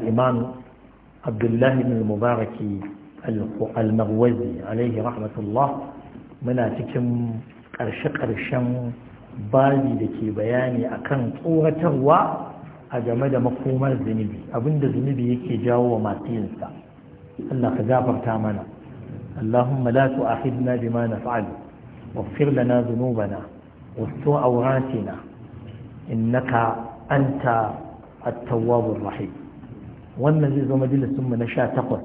الإمام Abdullahi الله بن المبارك المغوزي عليه muna cikin ƙarshe-ƙarshen bayi da ke bayani akan tsoratarwa a game da makomar zunubi abinda zunubi yake jawo wa masu yinsa Allah ka gafarta mana Allahumma la tu'akhidna bima naf'alu waghfir lana dhunubana wasu awratina innaka anta at-tawwabur rahim wannan zai zo majalisunmu na sha takwas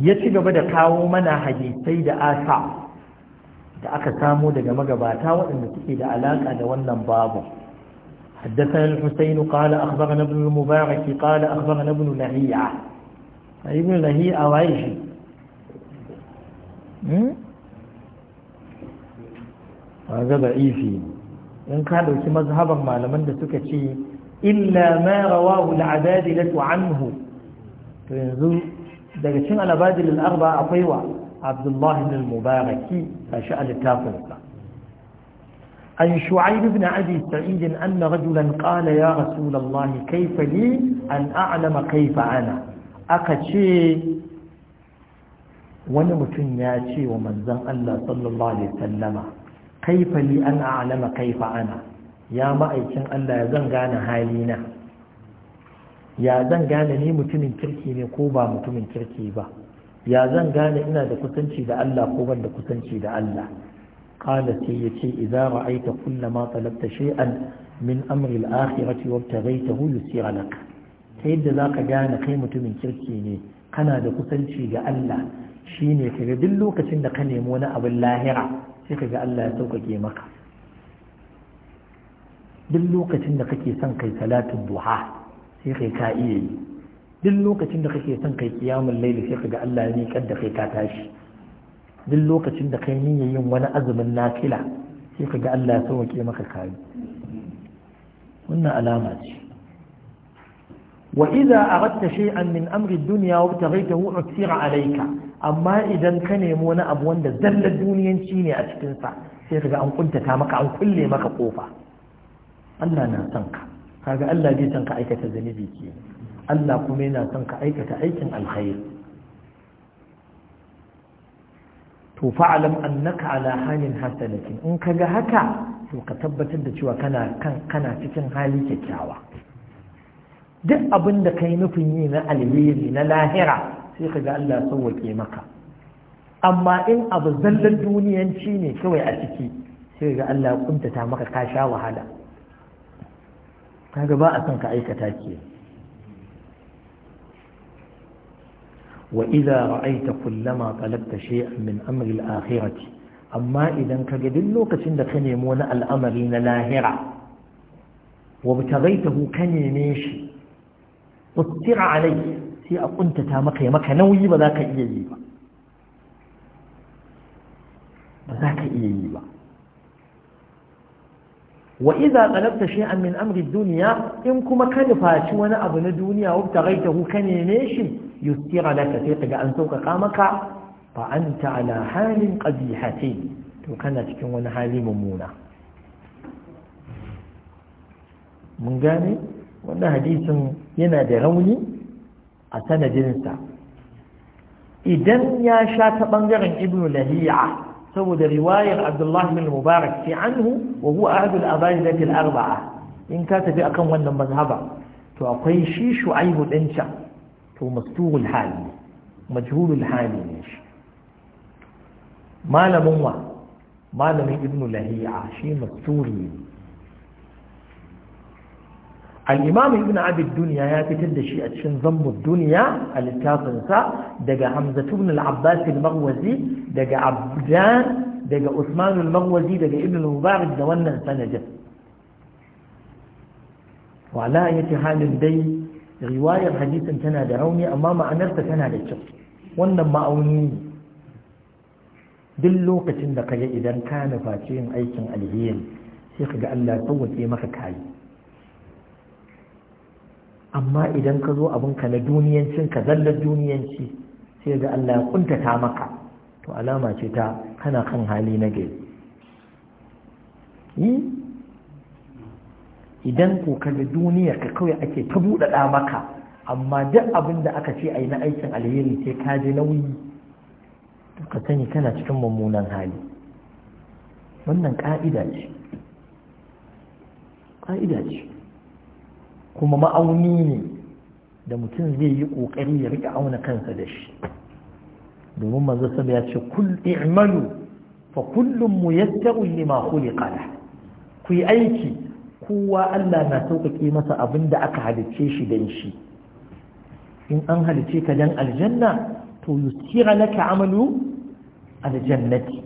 ya ci gaba da kawo mana hadisai da asa da aka samo daga magabata waɗanda suke da alaƙa da wannan babu حدثنا الحسين قال أخبرنا ابن المبارك قال أخبرنا ابن لهيعة ابن لهيعة وعيشي هذا ضعيفي in ka ɗauki mazhaban malaman da suka ce إلا ما رواه العبادلة عنه فينزل دقشين بادل الأربعة أطيوة عبد الله بن المبارك فشأل التافنسة عن شعيب بن أبي سعيد أن رجلا قال يا رسول الله كيف لي أن أعلم كيف أنا أكتشي ونمتن ياتي ومنزل الله صلى الله عليه وسلم كيف لي أن أعلم كيف أنا ya ma'aikin Allah ya zan gane halina ya zan gane ni mutumin kirki ne ko ba mutumin kirki ba ya zan gane ina da kusanci da Allah ko ban da kusanci da Allah qala sai yace idza ra'aita kullama talabta shay'an min amri al-akhirati wabtaghaitahu yusira lak ta yadda zaka gane kai mutumin kirki ne kana da kusanci ga Allah shine kaga duk lokacin da ka nemi wani abin lahira sai kaga Allah ya sauƙaƙe maka duk lokacin da kake son kai salatin duha sai kai ka iya yi duk lokacin da kake son kai kiyamun laili sai kaga Allah ya miƙar da kai ka tashi duk lokacin da kai niyyar yin wani azumin nafila sai kaga Allah ya sauke maka kayi wannan alama ce wa idza aradta shay'an min amri duniya wata raita tabghaytahu uksira alayka amma idan ka nemi wani abu wanda zallar duniyanci ne a cikin sa sai kaga an kuntata maka an kulle maka kofa Allah na son ka kaga Allah zai son ka aikata zunubi ke Allah kuma yana son ka aikata aikin alkhairi to fa'alam annaka ala halin hasanatin in kaga haka to ka tabbatar da cewa kana kan kana cikin hali kyakkyawa duk abin da kai nufin yi na alheri na lahira sai kaga Allah sauwake maka amma in abu zallan duniyanci ne kawai a ciki sai ga Allah kuntata maka ka sha wahala kaga ba a son ka aikata ke wa idza ra'aita kullama talabta shay'an min amri al-akhirati amma idan kaga duk lokacin da ka nemi wani al'amari na lahira wa btaghaitahu ka neme shi uttira alayhi sai a kuntata maka maka nauyi ba za ka iya yi ba ba za ka iya yi ba wa idza talabta shay'an min amri dunya in kuma ka nufaci wani abu na duniya wa hu ka ne shi yustira laka sai kaga an sauƙaƙa maka fa anta ala halin qabihatin to kana cikin wani hali mummuna mun gane wannan hadisin yana da rauni a sanadinsa idan ya sha ta ɓangaren ibnu lahiya ثم رواية عبد الله بن المبارك في عنه وهو أحد الأباني ذات الأربعة إن كانت في أكم مذهبا المذهبة تعقيشي شعيب الإنشاء تو مستوغ الحال مجهول الحال ليش ما لم ما لم ابن لهيعة شيء مستوغ al’imamu ibn abid duniya ya fitar da shi a cikin zambun duniya a littafinsa daga hamzatun al’abbasin magwazi daga abdan daga usmanul magwazi daga ibn mubarak da wannan sanajin wala ya ce halin dai riwayar hadisin tana da rauni amma ma'anarsa tana da kyau wannan ma'auni duk lokacin da ka yi idan ka nufa aikin alheri sai ka ga allah ya tsawace maka kayi amma idan ka zo abinka na duniyancin ka zallar duniyanci sai ga Allah ya kuntata maka to alama ce ta kana kan hali na gari idan ko ka duniyar ka kawai ake ta buɗaɗa maka amma duk abin da aka ce a yi na aikin alheri sai ka ji nauyi to ka sani kana cikin mummunan hali wannan ƙa'ida ce ƙa'ida ce kuma ma'auni ne da mutum zai yi ƙoƙari ya rika auna kansa da shi domin manzo sama ya ce kul i'malu fa kullum muyassaru lima khuliqa la ku yi aiki kowa Allah na sauƙaƙe masa abin da aka halicce shi dan shi in an halicce ka dan aljanna to yusira laka amalu aljannati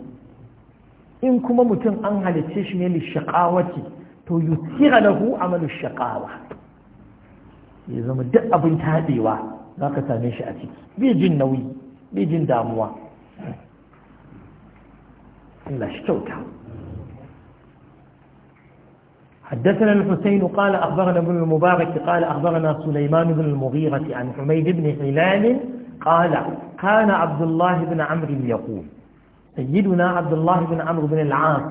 in kuma mutum an halicce shi ne li shaqawati to yusira lahu amalu shaqawa ya zama duk abin taɗewa za ka same shi a ciki bai jin nauyi bai jin damuwa Allah shi kyauta حدثنا الحسين قال أخبرنا ابن المبارك قال أخبرنا سليمان بن المغيرة عن حميد بن هلال قال كان عبد الله بن عمرو يقول سيدنا عبد الله بن عمرو بن العاص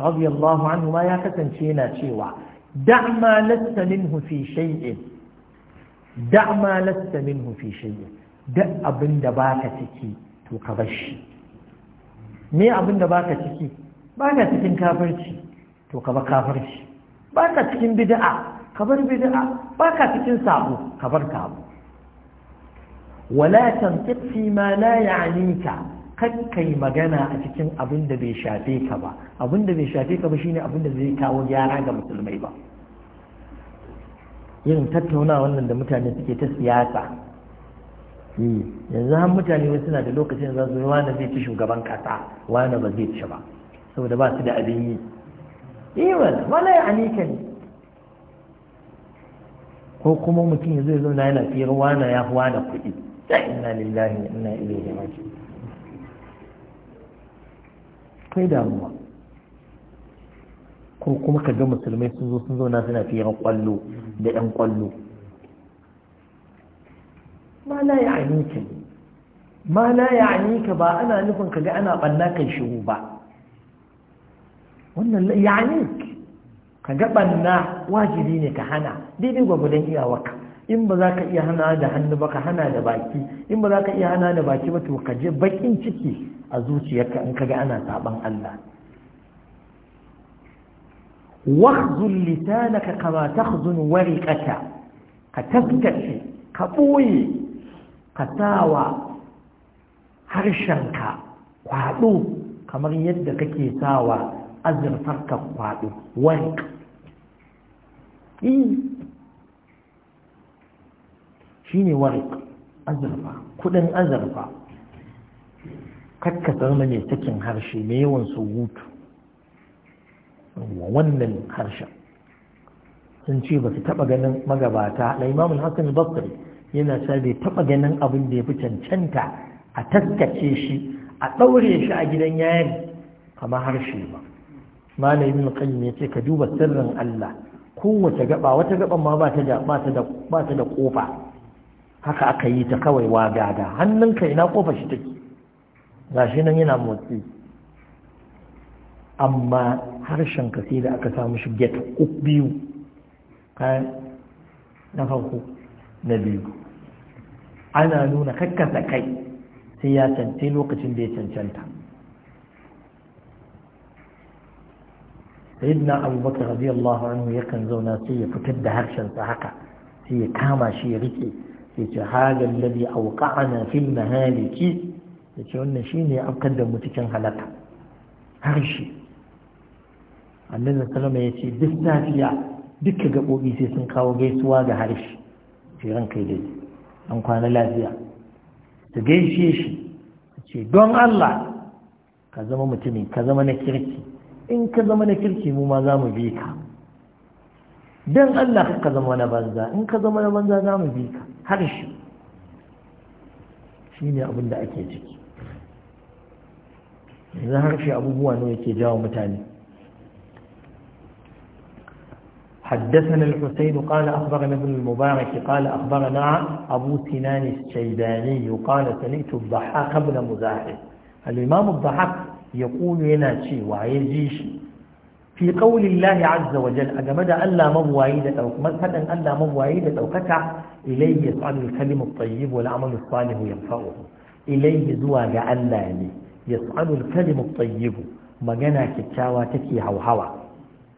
رضي الله عنه ما يكتن شينا شيوا دع ما لست منه في شيء da ma lasta minhu fi shay'in duk abin da baka ciki to ka bar shi me abin da baka ciki baka cikin kafirci to ka bar kafirci baka cikin bid'a ka bar bid'a baka cikin sabo ka bar sabo wala tantiq fi ma la ya'nika kakkai magana a cikin abin da bai shafe ka ba abin da bai shafe ka ba shine abin da zai kawo gyara ga musulmai ba irin tattauna wannan da mutane suke ta siyasa eh, yanzu har mutane wasu suna da lokacin za su wani zai ci shugaban kasa wani ba zai ci ba saboda ba su da abin yi iwal eh, wala ya anika ne ko kuma mutum ya zai zauna yana fiye wani ya fi wani kuɗi ya ina lillahi ina ilaihi raji kai damuwa ko kuma ka ga musulmai sun zo sun zo na suna fiye kwallo da 'yan kwallo ma na ya anika ma ya ba ana nufin ka ga ana ɓanna kai shigo ba wannan ya anika ka ga ɓanna wajibi ne ka hana daidai gwagwadon iyawarka in ba za ka iya hana da hannu ba ka hana da baki in ba za ka iya hana da baki ba to ka je bakin ciki a zuciyarka in ka ga ana saban Allah wakhzun lisanaka kama takhzun wariqata ka taskace ka ɓoye, ka sawa harshenka kwaɗo kamar yadda kake sawa azurfarka kwado shi shine wariq azurfa kudin azurfa kakka zama mai sakin harshe mai yawan hutu. wa wannan harshen sun ce ba su taɓa ganin magabata na imamun hassan basri yana sa bai taɓa ganin abin da ya fi cancanta a taskace shi a ɗaure shi a gidan yayin kama harshe ba malamin qayyim ya ce ka duba sirrin Allah kowace gaba wata gaban ma ba ta da ba kofa haka aka yi ta kawai wa Hannun hannunka ina kofa shi take gashi nan yana motsi amma harshen ka sai da aka samu shi get uku biyu na farko na biyu ana nuna kakkasa kai sai ya cancanci lokacin da ya cancanta sayyidina abubakar radiyallahu anhu ya kan zauna sai ya fitar da harshensa haka sai ya kama shi ya rike ya ce hagan ladi auqa'ana fil mahaliki ya ce wannan shine afkar da mu cikin halaka harshe annabi sallama ya ce duk safiya duka gaɓoɓi sai sun kawo gaisuwa ga harshe ce ran kai dai an kwana lafiya su gaishe shi ce don Allah ka zama mutumi ka zama na kirki in ka zama na kirki mu ma za mu bi ka don Allah ka zama na banza in ka zama na banza za mu bi ka harshe shi ne abin da ake ciki yanzu harshe abubuwa ne yake jawo mutane حدثنا الحسين قال أخبرنا ابن المبارك قال أخبرنا أبو سنان الشيباني قال سمعت الضحاك بن مزاحم الإمام الضحاك يقول لنا شيء وعيجيش في قول الله عز وجل أجمد ألا مبوايدة أو مثلا ألا مبوايدة أو كتع إليه يسعد الكلم الطيب والعمل الصالح ينفعه إليه زواج ألا لي يسعد الكلم الطيب مجنى كتاوى تكي هوهوى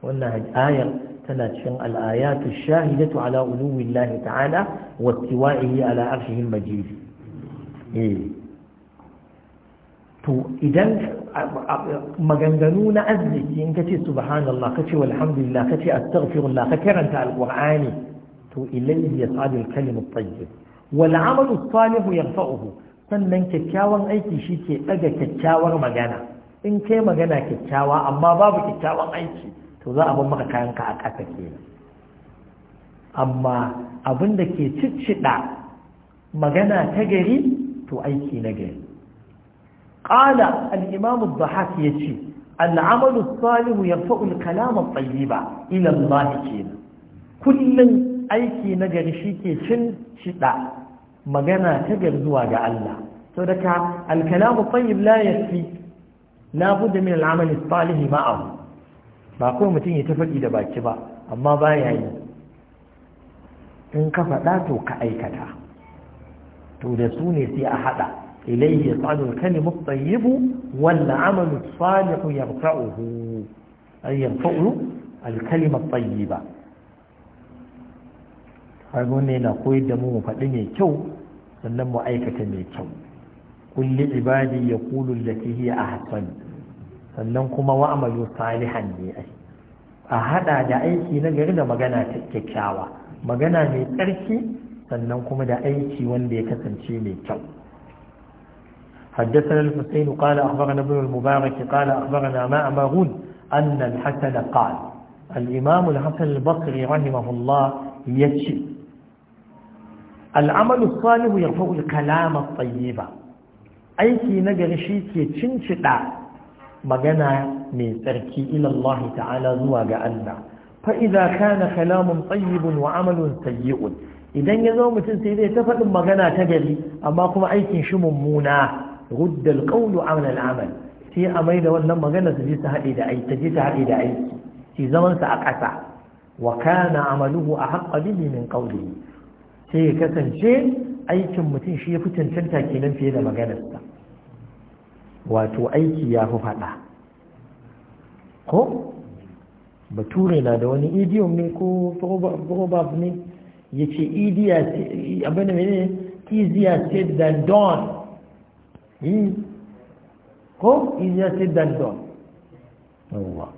وأنها آية tana cikin al'ayatu shahidatu ala uluwillahi ta'ala wa tiwa'ihi ala arshihil majid eh. to idan maganganu na arziki in kace subhanallah kace walhamdulillah kace astaghfirullah ka karanta alqur'ani to ilayhi yas'adu al-kalimu at-tayyib wal 'amalu as-salihu yarfa'uhu sannan kyakkyawan aiki shi ke daga kyakkyawar magana in kai magana kyakkyawa amma babu kyakkyawan aiki to za a ban maka kayanka a ƙasa ke amma abin da ke cicciɗa magana ta gari to aiki na gari ƙala al'imamu bahas ya ce al'amalu salihu ya fa'ul kalamar tsayi ba ilan mahi ke kullum aiki na gari shi ke cin ciɗa magana ta gari zuwa ga Allah Sau da ka alkalamu tsayi la na fi labudda min al'amalin salihi ma'abu ba kawai mutum ya ta faɗi da baki ba amma ba ya yi in ka faɗa to ka aikata to da su ne sai a haɗa ilayhi yasalu kalimu tayyibu wal amalu salihu yarfa'uhu ay yarfa'u al kalima tayyiba har wannan yana koyar da mu mu faɗi mai kyau sannan mu aikata mai kyau kulli ibadi yaqulu allati hiya ahsan sannan kuma wa'amalu salihan ne ai a hada da aiki na gari da magana kyakkyawa magana mai tsarki sannan kuma da aiki wanda ya kasance mai kyau حدثنا الحسين قال أخبرنا ابن المبارك قال أخبرنا ما أمرون أن الحسن قال الإمام الحسن البصري رحمه الله يتشي العمل الصالح يرفع الكلام الطيب أي كي نجرشي كي تنشق magana mai tsarki ilallahi ta'ala zuwa ga Allah fa'iza kana kalamun tsayibun wa amalun sayyi'un idan ya zo mutum sai zai ta faɗin magana ta gari amma kuma aikin shi mummuna ruddal qawlu amal al'amal sai a mai da wannan magana su je su haɗe da aiki ta je ta haɗe da aiki sai zaman sa a ƙasa wa kana amaluhu a haƙƙa bihi min qawlihi sai ya kasance aikin mutum shi ya fi cancanta kenan fiye da maganarsa wato aiki ya fi faɗa ko bature na da wani idiom ne ko proverb ne ya ce abin da mene easier said than done ko easier said than done yawwa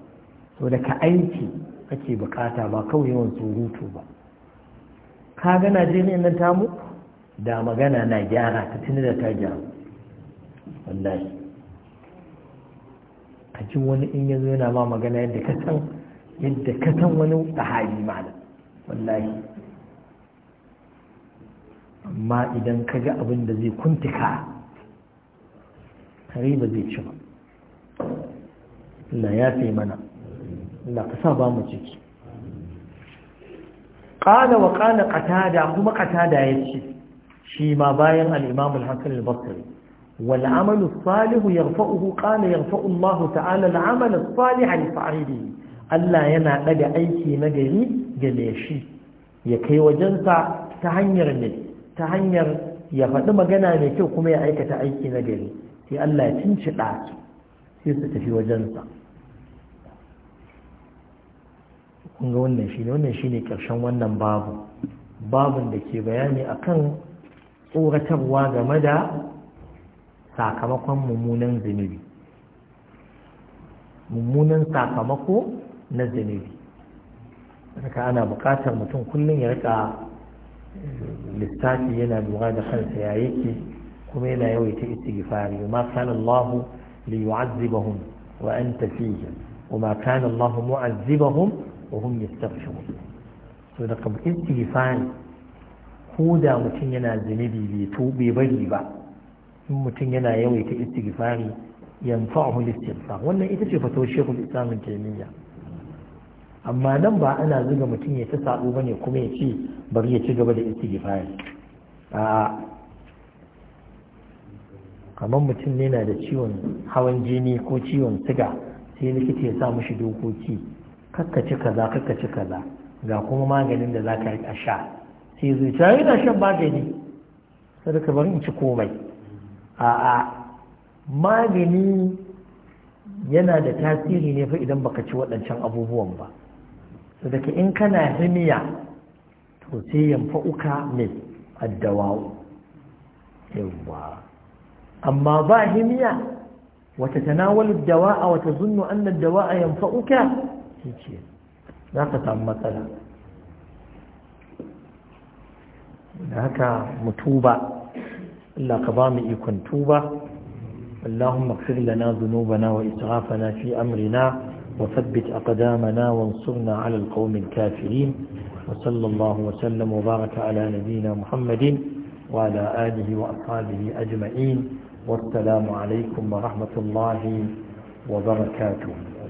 so da ka aiki kake bukata ba kawai yawan surutu ba ka ga najeriya nan tamu da magana na gyara ta tuni da ta gyara wallahi ka ji wani in yanzu yana ma magana yadda ka san yadda ka san wani sahabi malam wallahi amma idan ka ga abin da zai kuntuka kare ba zai ci ba Allah ya fi mana Allah ka sa ba mu ciki qala wa qala qatada kuma qatada yace shi ma bayan al-imam al-hasan al-basri والعمل الصالح يرفعه قال يرفع الله تعالى العمل الصالح لفاعله Allah yana ɗaga aiki na gari game shi ya kai wajensa ta hanyar ne ta hanyar ya faɗi magana mai kyau kuma ya aikata aiki na gari sai Allah ya cinci ɗaki sai su tafi wajensa kun ga wannan shi ne wannan shi ne ƙarshen wannan babu babun da ke bayani akan tsoratarwa game da sakamakon mummunan zunubi mummunan sakamako na zunubi haka ana buƙatar mutum kullum ya rika eh, lissafi yana lura da kansa ya yake kuma yana yawaita istighfari ma kana Allah li yu'azzibahum wa anta fihim wa ma kana Allah mu'azzibahum wa hum yastaghfirun to da istighfari ko da mutum yana zunubi bai to bari ba in mutum yana yawaita istighfari yanfa'uhu al-istighfar wannan ita ce fatawar Sheikhul Islam taimiyya. amma nan ba ana zuga mutum ya ta sabo ne kuma ya ce bari ya ci gaba da istighfari a kamar mutum ne na da ciwon hawan jini ko ciwon siga sai likita ya sa mishi dokoki kakkaci kaza kakkaci kaza ga kuma maganin da za ka yi a sha sai zuciya yana shan magani sadaka bari in ci komai a'a magani yana da tasiri ne fa idan baka ci waɗancan abubuwan ba su daga in kana himiya to sai yamfa uka mai addawawo yawwa amma ba himiya wata tanawalu dawa'a wata zunnu anna dawa'a yanfa'uka shi ce za ka samu matsala da haka mutuba Allah ka ba mu ikon tuba اللهم اغفر لنا ذنوبنا وإسرافنا في أمرنا وثبت أقدامنا وانصرنا على القوم الكافرين وصلى الله وسلم وبارك على نبينا محمد وعلى آله وأصحابه أجمعين والسلام عليكم ورحمة الله وبركاته